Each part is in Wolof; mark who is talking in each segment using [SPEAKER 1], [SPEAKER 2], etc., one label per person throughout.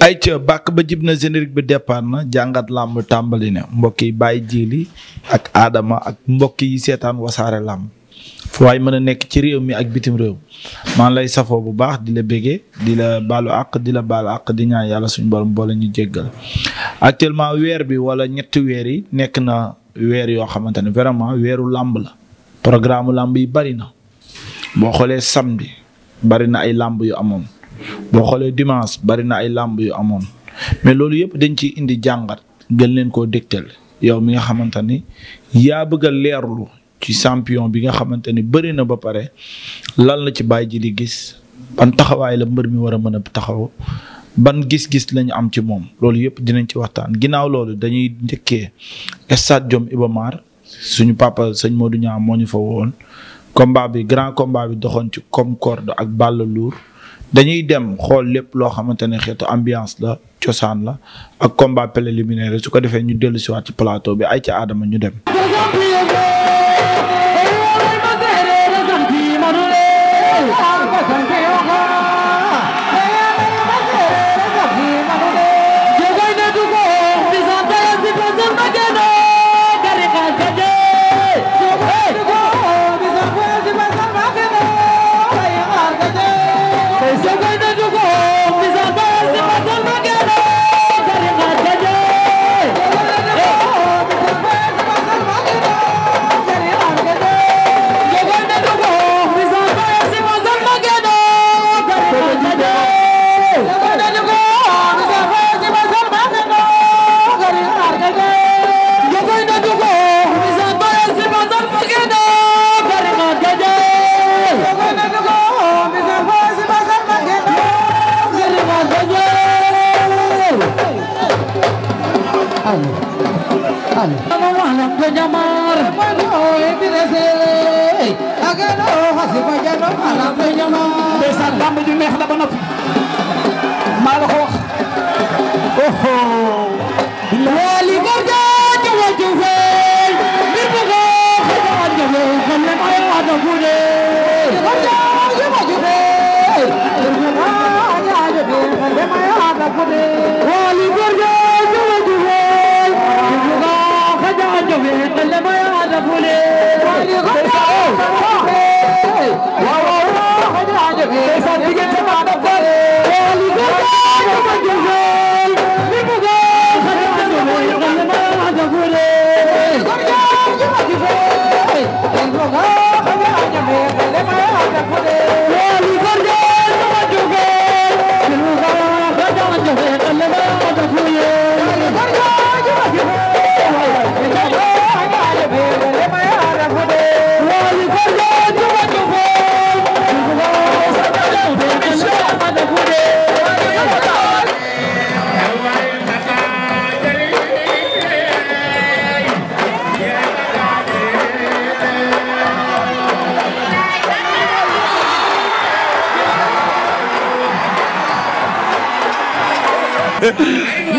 [SPEAKER 1] ay ca bàkk ba jib na générique bi départ na jàngat làmb tàmbali na mbokk yi bàyyi jiili ak aadama ak mbokk yi seetaan wasaare làmb fu waay mën a nekk ci réew mi ak bitim réew maa lay safoo bu baax di la bégee di la baalu àq di la baalu àq di ñaan yàlla suñu borom boole ñu jéggal actuellement weer bi wala ñetti weer yi nekk na weer yoo xamante ne vraiment weeru làmb la programme làmb yi bari na boo xoolee samedi bari na ay làmb yu amoon. boo xoolee dimanche bari na ay làmb yu amoon mais loolu yëpp dañ ci indi jàngat gën leen koo dégtal yow mi nga xamante ni yaa bëgg a leerlu ci champion bi nga xamante ni bëri na ba pare lan la ci bàyyi ji di gis ban taxawaay la mbër mi war a mën a taxaw ban gis-gis lañu am ci moom loolu yëpp dinañ ci waxtaan ginnaaw loolu dañuy njëkkee stade Diom Iba suñu papa sëñ Modou Niang moo ñu fa woon combat bi grand combat bi doxoon ci Concorde ak Balla Lour dañuy dem xool lépp loo xamante ne xeetu ambiance la cosaan la ak combat préliminaire su ko defee ñu dellu siwaat ci plateau bi ay ci aadama ñu dem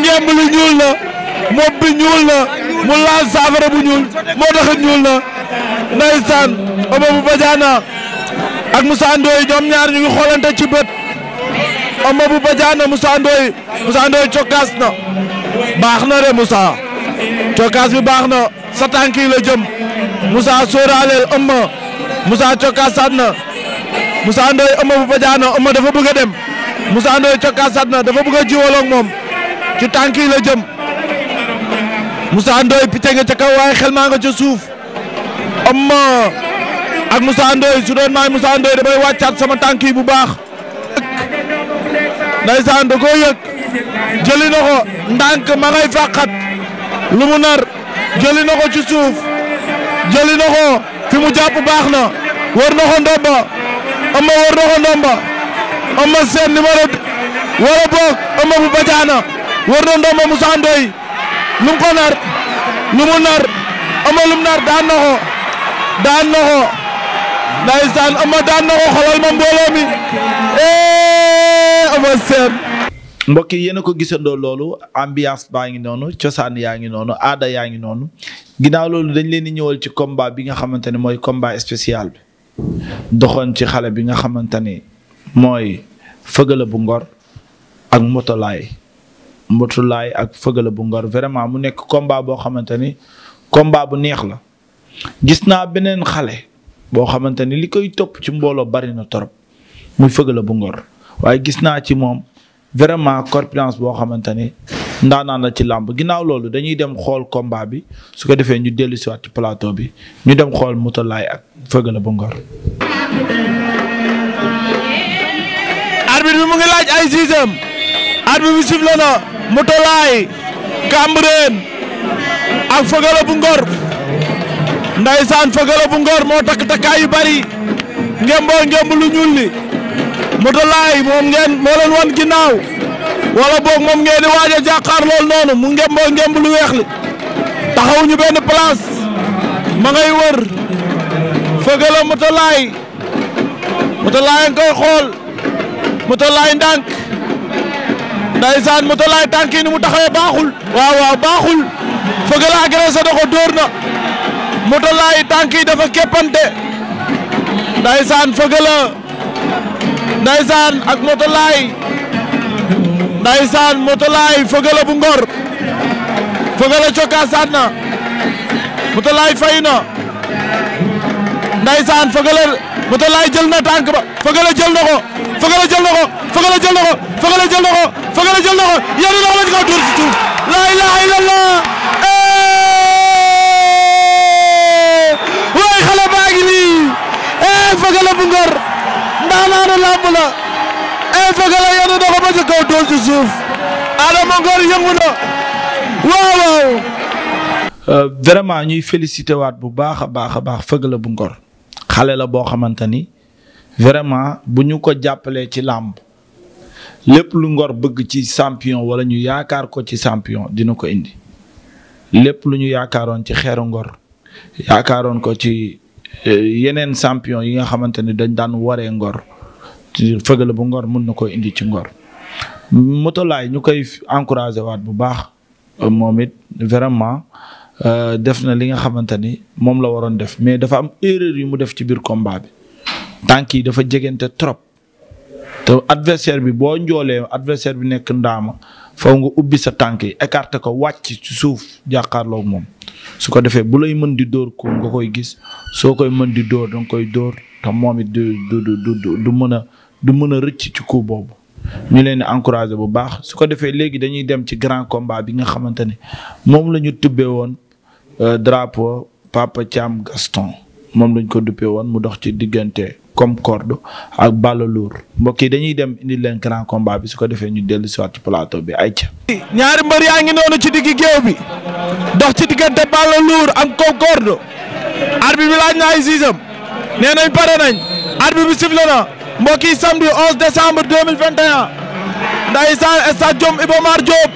[SPEAKER 2] ngemb lu ñuul na moom bi ñuul na mu laal saafara bu ñuul moo taxit ñuul na ndeysaan Omo bu Badiana ak Moussa Ndoye ñaar ñu ngi xoolante ci bu Badiana Moussa Ndoye Moussa na baax na de Moussa cokkaas bi baax na sa tànk yi la jëm Moussa sóoraaleel ëmma Moussa cokkaas saat na Moussa bu Badiana ëmma dafa bëgg dem Moussa Ndoye cokkaasaat na dafa bëgg a jiwaloog moom ci tànk yi la jëm Moussa Ndoye picc nga ca kaw waaye xel maa nga ca suuf am ak Moussa Ndoye su doon maay Moussa Ndoye damay wàccaat sama tànk yi bu baax. ndaysaan da koo yëg jëli na ko ma ngay fàqat lu mu nar jëli na ko ci suuf jëli fi mu jàpp baax na war ndomba am na ndomba. Eumeu Sène numéro wala boog Eumeu bu Badiana war na ndomba Moussa Ndoye lu mu ko nar lu nar Eumeu lu nar daan na daan na ko ndeysaan Eumeu daan na ko ma mbooloo mi eh, Eumeu Sène
[SPEAKER 1] mbokk yi a ko gisandoo loolu ambiance baa ngi noonu cosaan yaa ngi noonu aada yaa ngi noonu ginnaaw loolu dañ leen di ñëwal ci combat bi nga xamante ne mooy combat spécial bi doxoon ci xale bi nga xamante ni mooy fëgala bu ngor ak motolaay motolaay ak fëgala bu ngor vraiment mu nekk combat boo xamante ni combat bu neex la gis naa beneen xale boo xamante ni li koy topp ci mbooloo bari na torop muy fëgala bu ngor waaye gis naa ci moom vraiment corpulence boo xamante ni ndaanaan la ci làmb ginnaaw loolu dañuy dem xool combat bi su ko defee ñu dellu siwaat ci plateau bi ñu dem xool motolaay ak fëgala bu ngor
[SPEAKER 2] ay sixième arbitre bi sifflé na mu tolaay Cambérène ak Feugeula bu Ngor ndaysaan Feugeula bu moo takk takkaay yu bari ngemboo ngemb lu ñuul li mu tolaay moo leen wan ginaaw wala boog moom ngeen di waaj a jàkkaar lool noonu mu ngemboo ngemb lu weex li taxawuñu benn place ma ngay wër Feugeula mu tolaay mu tolaay xool moto laay ndànk ndaysaan moto laay tànk yi ni mu taxawee baaxul waaw waaw baaxul fëgg la agressé na ko na moto laay tànk yi dafa keppante ndaysaan fëgg la ndaysaan ak moto laay ndaysaan moto laay fëgg la bu ngor fëgg la na moto laay fay na ndaysaan fëgg la moto jël na tànk ba fëgg jël na ko. Feugueleu jël na ko Feugueleu jël na ko Feugueleu jël na ko Feugueleu jël na ko yéen a ngi ko dóor ci suuf la ilaha eh! eh, bu Ngor ndaanaanu làmb la eh, Feugueleu yéen a dox ba ci kaw dóor ci suuf Ngor yëngu na waaw waaw.
[SPEAKER 1] Euh, vraiment ñuy félicité waat bu baax a baax a baax Feugueleu bu Ngor xale la boo xamante ni. vraiment bu ñu ko jàppalee ci làmb lépp lu ngor bëgg ci champion wala ñu yaakaar ko ci champion dina ko indi lépp lu ñu yaakaaroon ci xeeru ngor yaakaaroon ko ci eh, yeneen champion yi nga xamante ni dañ daan waree ngor fëgale bu ngor mun na ko indi ci ngor motolaay ñu koy encouragé waat bu baax moom it vraiment euh, def na li nga xamante ni moom la waroon def mais dafa am erreur yu mu def ci biir combat bi tànk yi dafa jegante trop te adversaire bi boo njoolee adversaire bi nekk ndaama faw nga ubbi sa tànk yi écarté ko wàcc ci suuf jàkkaarloog moom su ko defee bu lay mën di dóor ko nga koy gis soo koy mën di dóor danga koy dóor te moom it du du du du mën a du mën a rëcc ci coup boobu. ñu leen di encouragé bu baax su ko defee léegi dañuy dem ci grand combat bi nga xamante ne moom la ñu tubbee woon euh, drapeau Papa Thiam Gaston. moom lañ ko duppee woon mu dox ci diggante comme corde ak Balla Lour mbokk yi dañuy dem indi leen grand combat bi su ko defee ñu dellu si waat ci bi ay ca
[SPEAKER 2] ñaari mbër yaa ngi noonu ci diggi géew bi dox ci diggante Balla Lour ak Concorde arbitre bi laaj na ay siisam nee nañ pare nañ arbitre bi sifflé na mbokk yi samedi 11 décembre 2021 ndeysaan stade Diom Iba Mar Diop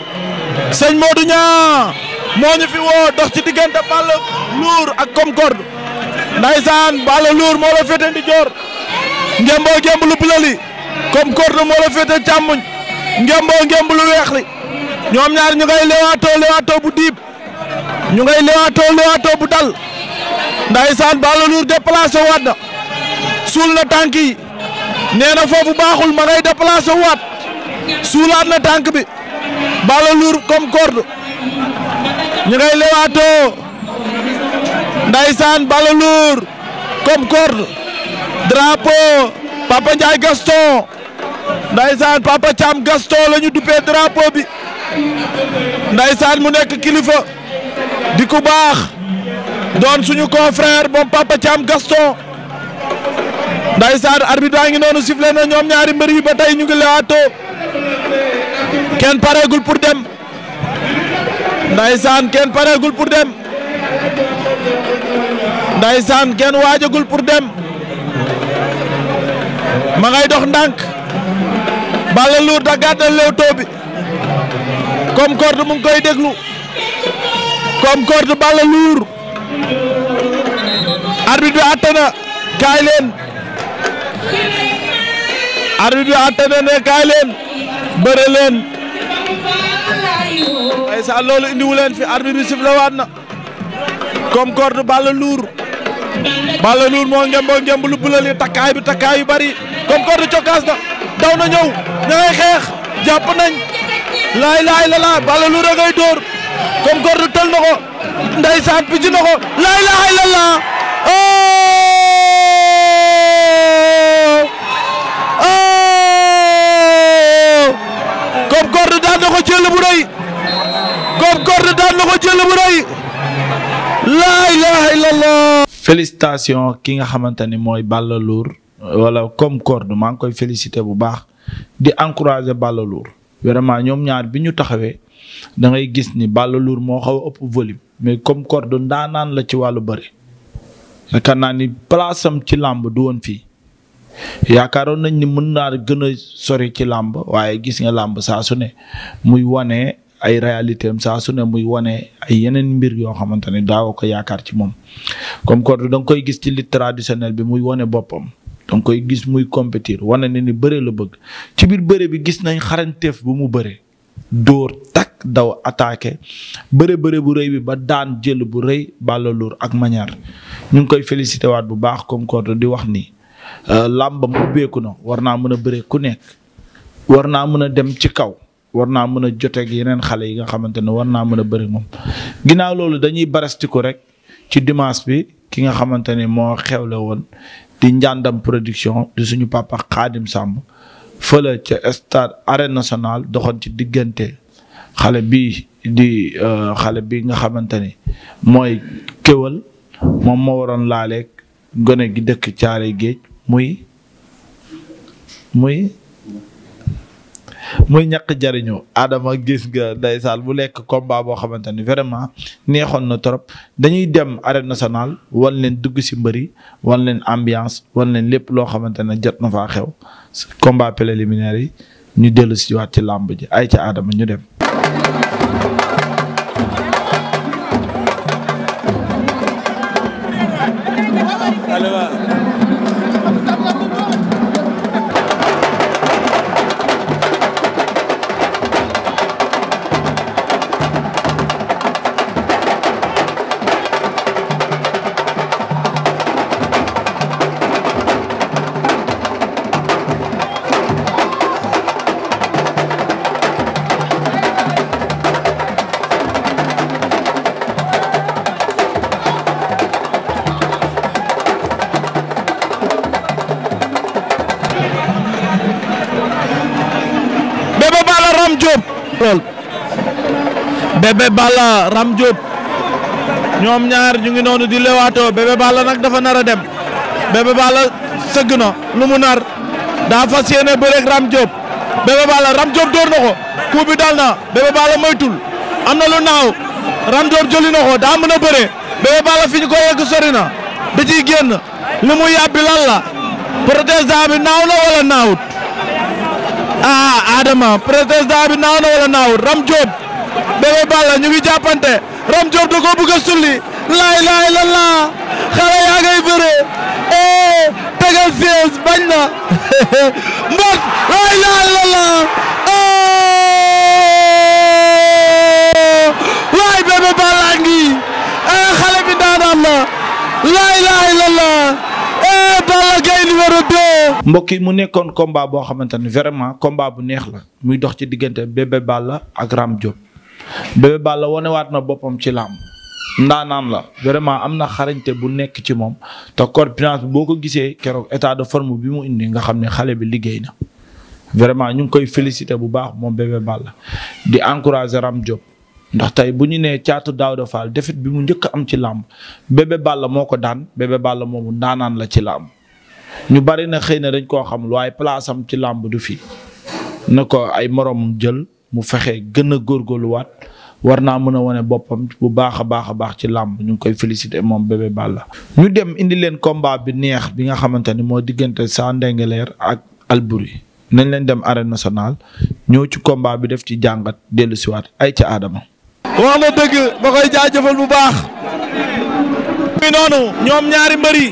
[SPEAKER 2] moo ñu fi woo dox ci diggante Balla Lour ak Concorde ndaysaan Balla Lour moo la féete ndijoor ngemboo ngemb lu bula li comme corde moo la féete ngemboo ngemb lu weex ñoom ñaar ñu ngay lewaatoo lewaatoo bu diib ñu ngay lewaatoo lewaatoo bu dal ndaysaan Balla Lour déplacé waat na suul na tànk yi nee na ma ngay déplacé waat suulaat na tànk bi Balla Lour comme corde ñu ngay lewaatoo ndaysaan Balla Lourd Concorde drapeau Papa Ndiaye Gaston ndaysaan Papa Thiam Gaston la ñu duppee drapeau bi ndaysaan mu nekk kilifa di ku baax doon suñu confrère moom Papa Thiam Gaston ndaysaan arbitre baa ngi noonu sifflé na ñoom ñaari mbër yi ba tey ñu ngi lewaatoo kenn pareegul pour dem ndaysaan kenn pareegul pour dem ndaysaan kenn waajagul pour dem ma ngay dox ndànk Balla Lourd da gàddal Leewtoo bi Concorde mu ngi koy déglu Concorde Balla Lourd arbitre bi àtte na kaay leen arbitre bi àtte na ne kaay leen bëre leen ndaysaan loolu indiwu leen fi arbitre bi siflewaat na Concorde Balla Lourd Balla Loul moo ngemboo ngemb lu bula li takkaay bi takkaay yu bari comme Concorde cokkaas na daw na ñëw ña ngay xeex jàpp nañ laay laay la laa Balla Loul a ngay dóor Concorde tël na ko ndeysaan picc na ko laay laay la laa oh! oh! Concorde daan na ko jël bu rëy Concorde daan na ko jël bu rëy laa ilaaha illallah
[SPEAKER 1] félicitation ki nga xamante ni mooy Balla Lour wala comme corde maa ngi koy félicité bu baax di encouragé Balla Lour vraiment ñoom ñaar bi ñu taxawee da ngay gis ni Balla Lour moo xaw a ëpp volume mais comme corde ndaanaan la ci wàllu bëri yaakaar naa ni place am ci làmb du woon fii yaakaaroon nañ ni mën naa gën a sori ci làmb waaye gis nga làmb saa su ne muy wane ay réalité am saa su ne muy wane ay yeneen mbir yoo xamante ne daawoo ko yaakaar ci moom comme Codou da koy gis ci lutte traditionnelle bi muy wane boppam da koy gis muy compétir wane ne ni bëre la bëgg ci biir bëre bi gis nañ xarañteef bu mu bëree dóor takk daw attaqué bëre bëre bu rëy bi ba daan jël bu rëy Balla Lour ak mañaar ñu ngi koy félicité waat bu baax comme Codou di wax ni euh, làmbam ubbeeku na war naa mën a bëre ku nekk war naa mën a dem ci kaw. war naa mën a joteeg yeneen xale yi nga xamante ne war naa mën a bëri moom. ginnaaw loolu dañuy barastiku rek ci dimanche bi ki nga xamante ne moo xewle woon di njàndam production di suñu papa Xaadim sàmm fële ca stade arène nationale doxoon ci diggante xale bii di euh, xale bi nga xamante ni mooy kéwal moom moo waroon laaleeg gone gi dëkk caare géej muy muy muy ñàkk jariñu Adama gis nga ndeysaan bu lekk combat boo xamante ni vraiment neexoon na trop dañuy dem arène national wan leen dugg ci mbëri wan leen ambiance wan leen lépp loo xamante ne jot na faa xew combat préliminaire yi ñu dellu si ci làmb ji ay ca Adama ñu dem
[SPEAKER 2] Bébé Balla Ram Diop ñoom ñaar ñu ngi noonu di lewaatoo Bébé Balla nag dafa nar a dem Bébé Balla sëgg na lu mu nar daa fas yéene bëreeg Ram Diop Bébé Balla Ram Diop door na ko dal na Bébé Balla moytul am na lu naaw Ram Diop jëli na daa mën a bëre Bébé Balla fi ko yegg sori na da génn li mu yàbbi lan la protestant bi naaw na wala naawut ah Adama protestant bi naaw na wala naawut Ram Diop. Bébé Balla ñu ngi jàppante Ram Diop da koo bëgg sulli laay laay la laa xale yaa ngay bëre eh tegal fees bañ na mbot laay laay la laa eh, waay Bébé ngi eh xale bi daanaan la laay laay la laa eh Balla Gaye numéro
[SPEAKER 1] yi mu nekkoon combat boo xamante ni vraiment combat bu neex la muy dox ci diggante Bébé Balla ak Ram Diop. Bébé Balla wonewaat na boppam ci làmb ndaanaan la vraiment am na xarañte bu nekk ci moom te corpulence boo ko gisee keroog état de forme bi mu indi nga xam ne xale bi liggéey na. vraiment ñu ngi koy féliciter bu baax moom Bébé Balla di encourager Ram Diop ndax tey bu ñu nee caatu Daouda Fall défaite bi mu njëkk am ci làmb Bébé Balla moo ko daan Bébé Balla moomu ndaanaan la ci làmb ñu bari na xëy na dañ koo xam waaye place am ci làmb du fi na ko ay moroom jël. mu fexe gën a góorgóorluwaat war naa mën a wane boppam bu baax a baax a baax ci làmb ñu koy féliciter moom bébé la ñu dem indi leen combat bi neex bi nga xamante ni moo diggante Sa Ndingler ak Alboury nañ leen dem arène nationale ñëw ci combat bi def ci jàngat dellu siwaat ay ci aadama
[SPEAKER 2] wax na dëgg ba koy jaajëfal bu baax mi noonu ñoom ñaari mbëri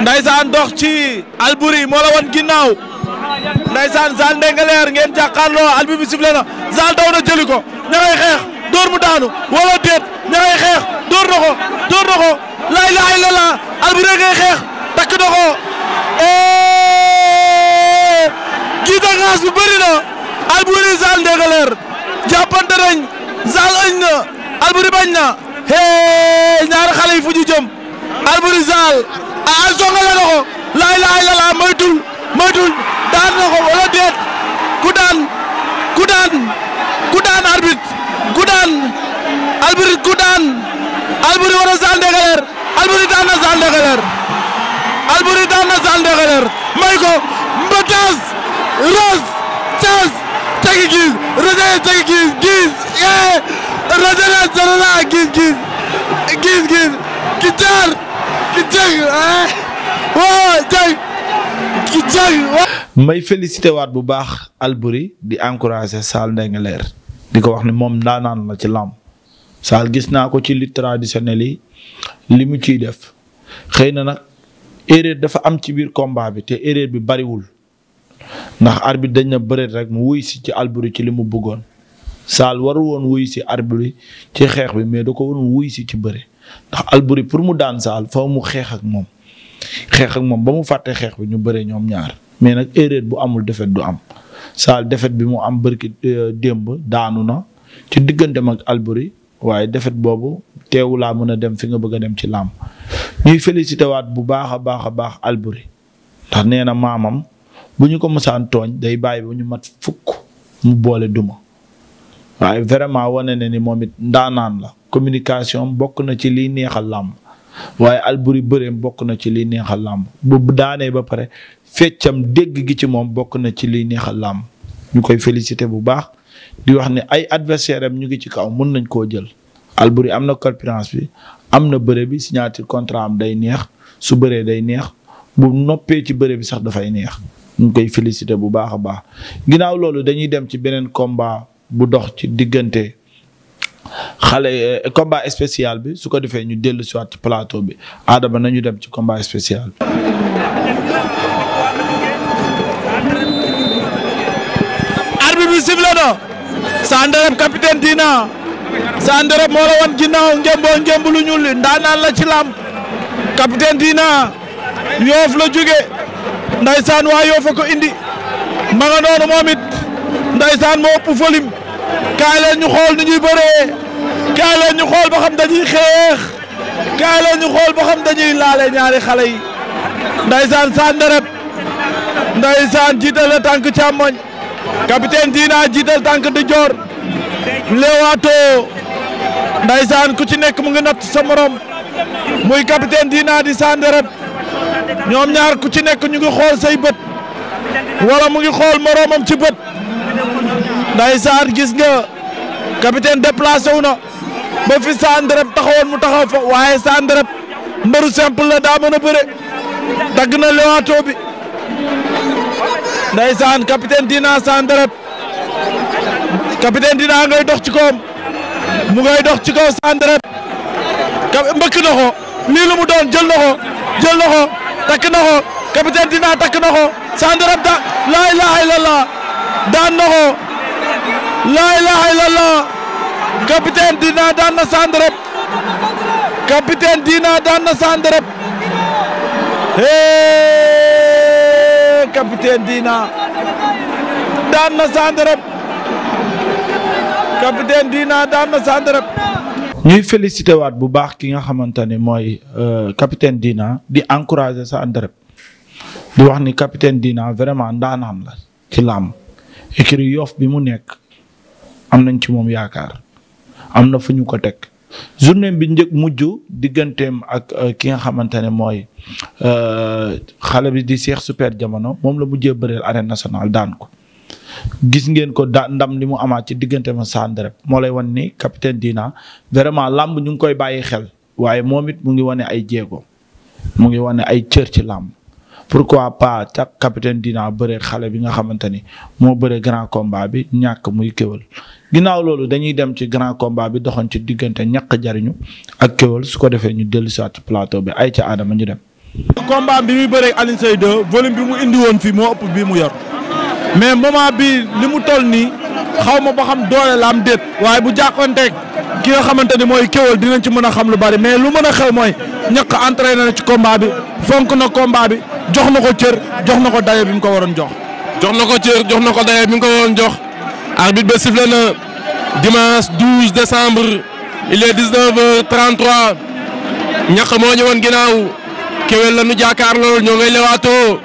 [SPEAKER 2] ndaysaan dox ci Alboury moo la wan ginnaaw ndaysaan Zal Ndingler ngeen jàkkaarloo albi bi siflé na Zal daw na jëli ko xeex dóor mu daanu wala déet ña xeex dóor na ko dóor laay laay la laa albi xeex takk na ko giita ngaas bu bëri na Alboury Zal Ndingler jàppante nañ Zal añ na Alboury bañ hee ñaari xale yi fu ñu jëm a al songa ah, ah, la na laay laay la laa moytul moytul daan na ko wala déet ku daan ku daan ku daan arbitre ku daan arbitre ku daan arbitre war na Saal Ndekeleer arbitre daan na Saal Ndekeleer arbitre daan na Saal Ndekeleer may ko mbataas ros caas tegi gis rosé tegi gis gis yee rosé naa sarala gis gis gis gis ki jaar ki jag ah eh, waaw jag ki jag
[SPEAKER 1] may félicité waat bu baax Alboury di encouragé Saal Ndingue Leer di ko wax ne moom ndaanaan la ci làmb Saal gis naa ko ci lutte traditionnelle yi li mu ciy def xëy na nag erreur dafa am ci biir combat bi te erreur bi bariwul ndax arbitre dañ na bëreet rek mu wuy si ci Alboury ci li mu bëggoon Saal waru woon wuyu si Alboury ci xeex bi mais da ko woon wuy si ci bëre ndax Alboury pour mu daan Saal faw mu xeex ak moom xeex ak moom ba mu fàtte xeex bi ñu bëre ñoom ñaar mais nag erreur bu amul defet du am Saal defet bi mu am bërki euh, démb daanu na ci digganteem ak Albury waaye defet boobu teewu laa mën a dem fi nga bëgg a dem ci làmb ñuy félicité waat bu baax a baax a baax Albury ndax nee na maamam bu ñu ko mësaan tooñ day bàyyi ba ñu mat fukk mu boole duma waaye vraiment wane ne ni moom it ndaanaan la communication bokk na ci liy neexal làmb waaye Albury bëreem bokk na ci liy neexal làmb bu daanee ba pare feccam dégg gi ci moom bokk na ci liy neexal làmb ñu koy félicité bu baax di wax ni ay adversaire am ñu ngi ci kaw mun nañ koo jël. Alboury am na concurrence bi am na bëre bi signature contrat am day neex su bëree day neex bu noppee ci bëre bi sax dafay neex ñu koy félicité bu baax a baax ginnaaw loolu dañuy dem ci beneen combat bu dox ci diggante. xale eh, combat spécial bi su ko defee ñu dellu si waat ci plateau bi Adama nañu dem ci combat spécial bi
[SPEAKER 2] na Sa Ndereb capitaine Dina Sa Ndereb la wan ñuul li ndaanaan la ci làmb capitaine Dina Yoof la jóge ndaysaan waa Yoof a ko indi ma nga noonu moom it ndaysaan moo ñu xool ni ñuy bëree kaay ñu xool ba xam dañuy xeex kaay ñu xool ba xam dañuy laale ñaari xale yi ndaysaan Sa Ndereb ndaysaan jiital la tànk capitaine Dina jiital tànk di joor leewaato ndaysaan ku ci nekk mu ngi natt sa morom muy capitaine Dina di Sanderep ñoom ñaar ku ci nekk ñu ngi xool say bët wala mu ngi xool moromam ci bët ndaysaan gis nga capitaine déplacé na ba fi Sanderep taxawoon mu taxaw fa waaye Sanderep mbëru simple la daa mën a bëre dagg na leewaato bi. ndeysaan capitaine Dina Sane deret capitaine Dina ngay dox ci kawam mu ngay dox ci kaw Sane deret mbëkk mu doon jël na ko jël na ko takk na ko Dina takk na ko Sane deret da laa ilaaha illallah daan na ko laa ilaaha illallah Dina daan na Sane deret Dina daan na Sane capitaine Dina daan na Sandareb capitaine Dina daan
[SPEAKER 1] ñuy félicité waat bu baax ki nga xamante ne mooy euh, capitaine diina di encouragé Sandareb di wax ni capitaine diina vraiment ndaanaan la ci làmb écurie Yoff bi mu nekk am nañ ci moom yaakaar am na fu ñu ko teg. journée bi njëg mujj digganteem ak euh, ki nga xamante ne mooy euh, xale bi di Cheikh Super Jamono moom la mujjee bëreel arène nationale daan ko. gis ngeen ko da ndam li mu amaat ci diggante ma Sandrep moo lay wan ni capitaine diina vraiment làmb ñu ngi koy bàyyi xel waaye moom it mu ngi wane ay jéego mu ngi wane ay cër ci làmb pourquoi pas ca capitaine dina bëre xale bi nga xamante ni moo bëre grand combat bi ñàkk muy kéwel ginnaaw loolu dañuy dem ci grand combat bi doxoon ci diggante ñàkk jariñu ak kéwal su ko defee ñu dellusiwaat ci plateau bi ay ca aadama ñu dem.
[SPEAKER 2] combat bi muy bëre Alioune Seye 2 volume bi mu indi woon fii moo ëpp bi mu yor mais moment bi li mu toll nii xaw ma ba xam doole la am waaye bu jàkkoonteeg ki nga xamante ni mooy kéwal dinañ ci mën a xam lu bari mais lu mën a xew mooy ñaq entraîné na ci combat bi fonk na combat bi jox na ko cër jox na ko daye bi mu ko waroon jox. jox na ko cër jox na ko daye bi mu ko waroon jox. arbitre ba sifflé na
[SPEAKER 3] dimanche 12 décembre il est 19h33 ñaq moo ñëwoon ginaaw kéwal la nu jaakaar lool ñoo ngay lewaatoo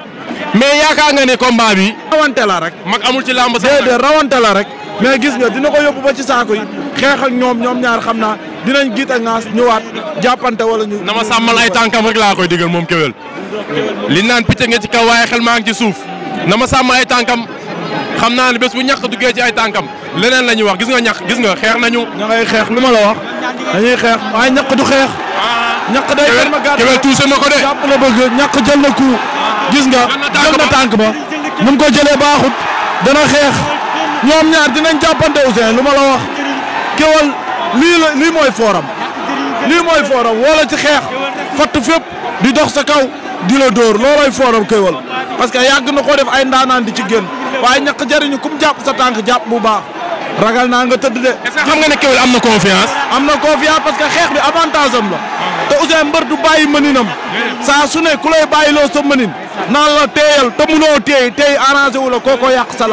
[SPEAKER 3] mais yaakaar
[SPEAKER 2] nga ne combat bi. rawante la rek. mag amul ci làmb sax déedéet la rek. mais gis nga dina ko yóbbu ba ci saako yi. xeex ak ñoom ñoom ñaar xam naa dinañ giit ak naas ñëwaat jàppante wala ñu.
[SPEAKER 3] na ma sàmmal ay tànkam rek laa koy digal moom Kewel. li naan picc nga ci kaw waaye xel maa ngi ci suuf na ma sàmm ay tànkam xam naa ne bés bu ñàkk duggee ci ay tànkam leneen la ñuy wax gis nga ñàkk gis nga xeex nañu. ña ngay xeex lu ma la wax
[SPEAKER 2] dañuy xeex waaye ñàkk du xeex.
[SPEAKER 3] Ah. ñàkk day xel ma gàtt Kewel tuuse na ko de.
[SPEAKER 2] jàpp la bëgg ñàkk jël na ku gis nga jël na tànk ba mun ko jëlee baaxut dana xeex ñoom ñaar dinañ jàppante Ousseyn kewal lii la lii mooy fooram lii mooy fooram wala ci xeex fatt fépp di dox sa kaw di la dóor loolooy fooram kewal parce que yàgg na koo def ay ndaanaan di ci génn waaye ñàkk jariñu kum jàpp sa tànk jàpp bu baax ragal naa nga tëdd de. est-ce que xam nga ne am na confiance. am na confiance parce que xeex bi avantage am la te Ousseyn mbër du bàyyi mëninam saa su ne ku lay bàyyiloo sa mënin naan la téyal te munoo téy téy arrangé wu la kookoo yàq sa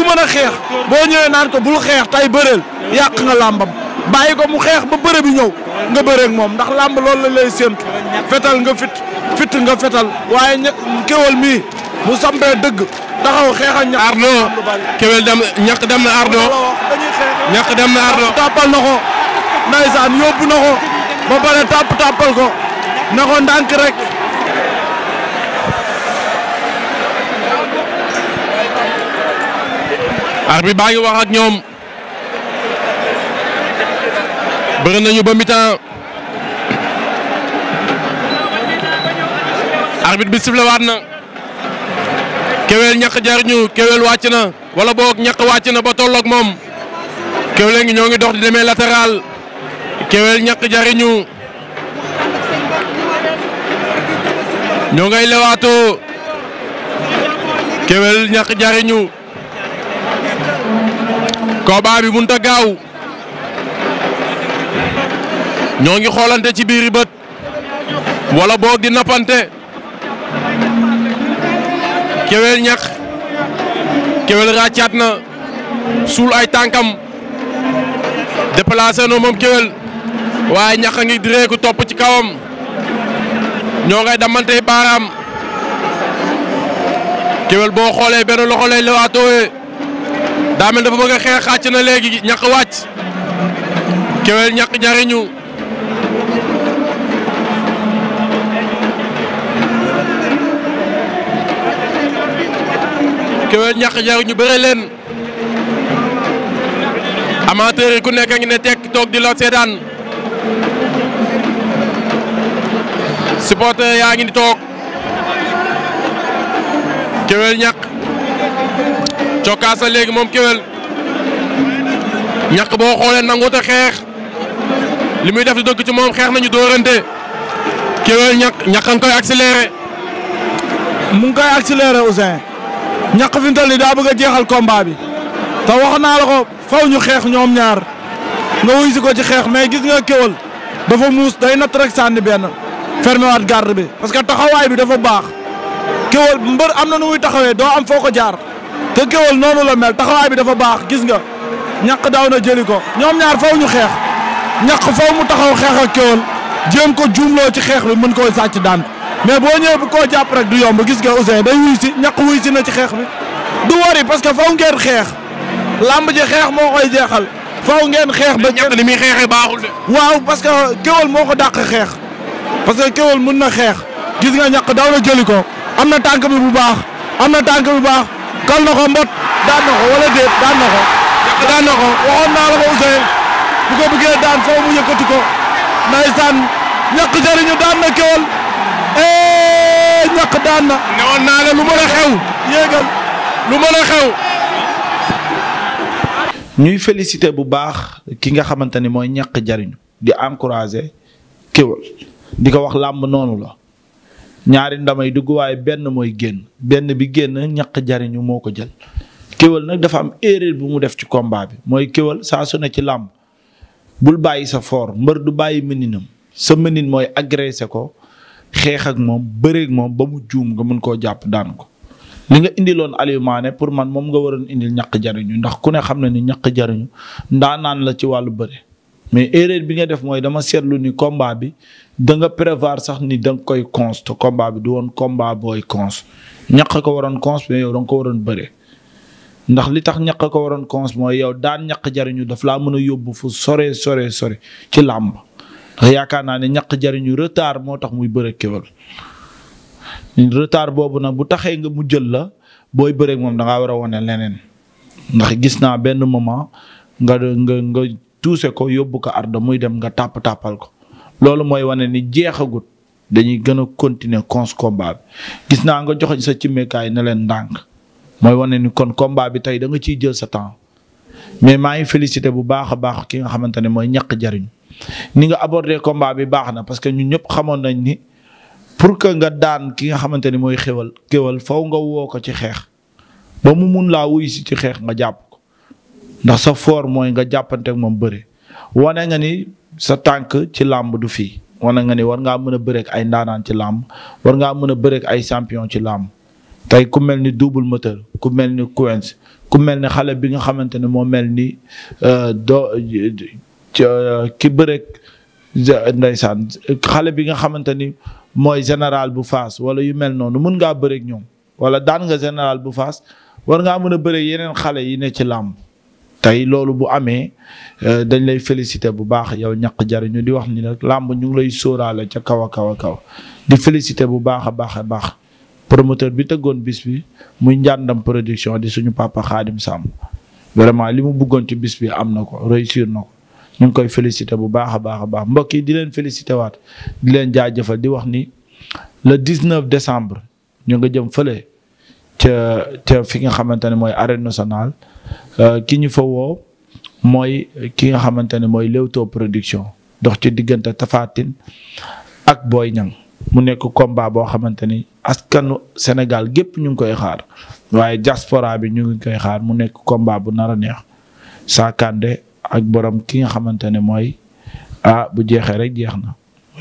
[SPEAKER 2] ku mën a xeex boo ñëwee naan ko bul xeex tay bëreel yàq nga làmbam bàyyi ko mu xeex ba bëre bi ñëw nga bëree moom ndax làmb loolu la lay séentu fetal nga fit fit nga fetal waaye ña kéwal mii bu sampee dëgg taxaw xeex ak ñax. Ardo kéwal dem ñaq dem na Ardo ñaq dem na Ardo. tàppal na ko ndeysaan na ko ba pare tàpp tàppal ko na ko ndànk rek.
[SPEAKER 3] arbitre baa ngi wax ak ñoom bëri nañu ba mi-temps arbitre bi sifflé na kewel ñàkk jariñu kewel wàcc na wala boog ñàkk wàcc na ba tolloog moom kewel ngi ñoo ngi dox di demee latéral kewel ñàkk jariñu ñoo ngay lewaatoo kewel ñàkk jariñu combat bi mënut gaaw ñoo ngi xoolante ci biiri bët walla boog di nappante kewel ñax kewel ràccaat na suul ay tànkam déplacé na moom kewel waaye ñax a ngi direeku topp ci kawam ñoo ngay damante baaraam kewel boo xoolee benn loxo lay lewaatoowee daa mel dafa bëgg xeex xàcc na léegi ñaq wàcc kewel ñaq jariñu kewel ñaq jariñu bëre leen amateur ku nekk a ngi ne tekk toog di la seetaan supporter yaa ngi di toog kewel ñaq cokkaas léegi moom Kewel ñàkk boo xoolee nangu te xeex li muy def di dëgg ci moom xeex nañu dóorante
[SPEAKER 2] Kewel ñàkk ñàkk a ngi koy accéléré. mu ngi koy accéléré Ousseyn ñàkk fi mu toll nii daa bëgg a jeexal combat bi te wax naa la ko faw ñu xeex ñoom ñaar nga wuy ko ci xeex mais gis nga Kewel dafa muus day natt rek sànni benn fermé waat garde bi parce que taxawaay bi dafa baax Kewel mbër am na nu muy taxawee doo am foo ko jaar. te géwal noonu la mel taxawaay bi dafa baax gis nga ñaq daaw na jëli ko ñoom ñaar faw ñu xeex ñaq faw mu taxaw xeex ak géwal jéem ko juumloo ci xeex bi mën koo sàcc daan mais boo ñëwee bu koo jàpp rek du yomb gis nga Ousseyn day wuy si ñaq wuy si na ci xeex bi du wari parce que faw ngeen xeex làmb ji xeex moo koy jeexal faw ngeen xeex ba ñaq ni muy xeexee baaxul de waaw parce que géwal moo ko dàq xeex parce que géwal mën na xeex gis nga ñaq daaw na jëli ko am na tànk bi bu am na tànk bu baax kal na ko mbot daan na ko wala déet daan na ko. waxoon naa la ko Ousseyn bu ko bëggee daan faw mu yëkkati ko ndeysaan ñàkk jëriñu daan na kewal ñàkk daan na. ne woon naa la lu mën xew. yéegal lu mën xew.
[SPEAKER 1] ñuy félicité bu baax ki nga xamante ni mooy ñàkk jariñu di encouragé kéwal di ko wax làmb noonu la ñaari ndamay dugg waaye benn mooy génn benn bi génn ñaq jariñu moo ko jël. kéwél nag dafa am erreur bu mu def ci kombaa bi mooy kéwél saa su ne ci làmb bul bàyyi sa foor mbër du bàyyi mëninam sa mënin mooy agressé ko xeex ak moom bëreeg moom ba mu juum nga mën koo jàpp daan ko. li nga indiloon Aliou Mané pour man moom nga waroon indil ñaq jariñu ndax ku ne xam na ni ñaq jariñu ndaanaan la ci wàllu bëre. mais erreur bi nga def mooy dama seetlu ni combat bi da nga prévoir sax ni da nga koy cons te combat bi du woon combat booy cons ñaq ko waroon cons yow da ko waroon bëre. ndax li tax ñaq ko waroon cons mooy yow daan ñaq jariñu daf laa mën a yóbbu fu sore sore sore ci làmb yaakaar naa ne ñaq jariñu retard moo tax muy bëre Keweul retard boobu nag bu taxee nga mu jël la booy bëreeg moom da ngaa war a wane leneen ndax gis naa benn moment nga nga nga. tuuse ko yóbbu ko ardo muy dem nga tàpp tàppal ko loolu mooy wane ni jeexagut dañuy gën a continuer cons combat bi gis naa nga joxoñ sa cimmekaay ne leen ndànk mooy wane ni kon combat bi tey da nga ciy jël sa temps mais maa ngi félicité bu baax a baax ki nga xamante ne mooy ñàkk jariñ ni nga abordé combat bi baax na parce que ñun ñëpp xamoon nañ ni pour que nga daan ki nga xamante ni mooy xéwal kéwal fow nga woo ko ci xeex ba mu mun laa wuy ci xeex nga jàpp ndax sa foor mooy nga jàppante moom bëri wane nga ni sa tànk ci làmb du fii wane nga ni war ngaa mën a bëreek ay ndaanaan ci làmb war ngaa mën a bëreek ay champion ci làmb tey ku mel ni double moteur ku mel ni Quench ku mel ni xale bi nga xamante ne moo mel ni euh, doo euh, ki bëreek ndeysaan xale bi nga xamante ni mooy général bu faas wala yu mel noonu mun ngaa bëreek ñoom wala daan nga général bu faas war ngaa mën a bëreek yeneen xale yi ne ci làmb tey loolu bu amee euh, dañ lay félicité bu baax yow ñaq jariñu di wax ni nag làmb ñu ngi lay sóoraale ca kaw a kaw a kaw di félicité bu baax a baax a baax promoteur bi tëggoon bis bi muy njàndam production di suñu papa Khadim sàmm vraiment li mu buggoon ci bis bi am na ko réussir na ko ñu ngi koy félicité bu baax a baax a baax mbokk yi di leen félicité waat di leen jaajëfal di wax ni le 19 décembre ñu nga jëm fële ca ca fi nga xamante ne mooy arène nationale Euh, ki ñu fa woo mooy ki nga xamante ne mooy Leewtoo production dox ci diggante tafaatin ak Boy Niang mu nekk combat boo xamante ni askanu Sénégal gépp ñu ngi koy xaar waaye diaspora bi ñu ngi koy xaar mu nekk komba bu nar a neex saakande ak borom ki nga xamante ne mooy ah bu jeexee rek jeex na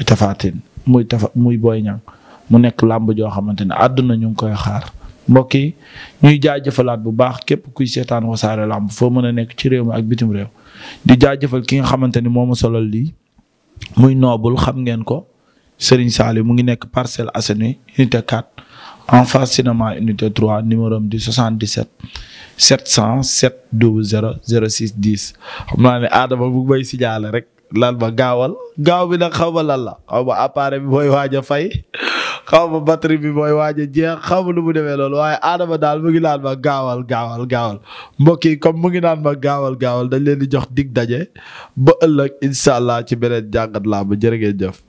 [SPEAKER 1] tafaatin muy muy Boy Niang mu nekk làmb joo xamante ne àdduna ñu ngi koy xaar mbokk yi ñuy jaajëfalaat bu baax képp kuy seetaan wasaare làmb foo mën a nekk ci réew mi ak bitim réew di jaajëfal ki nga xamante ni moo ma solal lii muy noobul xam ngeen ko Serigne Saliou mu ngi nekk Parcelles Assainies unité 4 en face cinéma unité 3 numéro am di 77 707 00 06 10 xam naa ne aadama bu bay si jaale rek laal ba gaawal gaaw bi nag xaw ma lan la xaw ma appareil bi mooy waaj a fay. xaw ma batterie bi mooy waaj a jeex xaw ma lu mu demee loolu waaye Adama daal mu ngi naan ma gaawal gaawal gaawal mbokk yi comme mu ngi ma gaawal gaawal dañ leen di jox dig daje ba ëllëg incha ci beneen jàngat laa bu jërë ngeen jëf.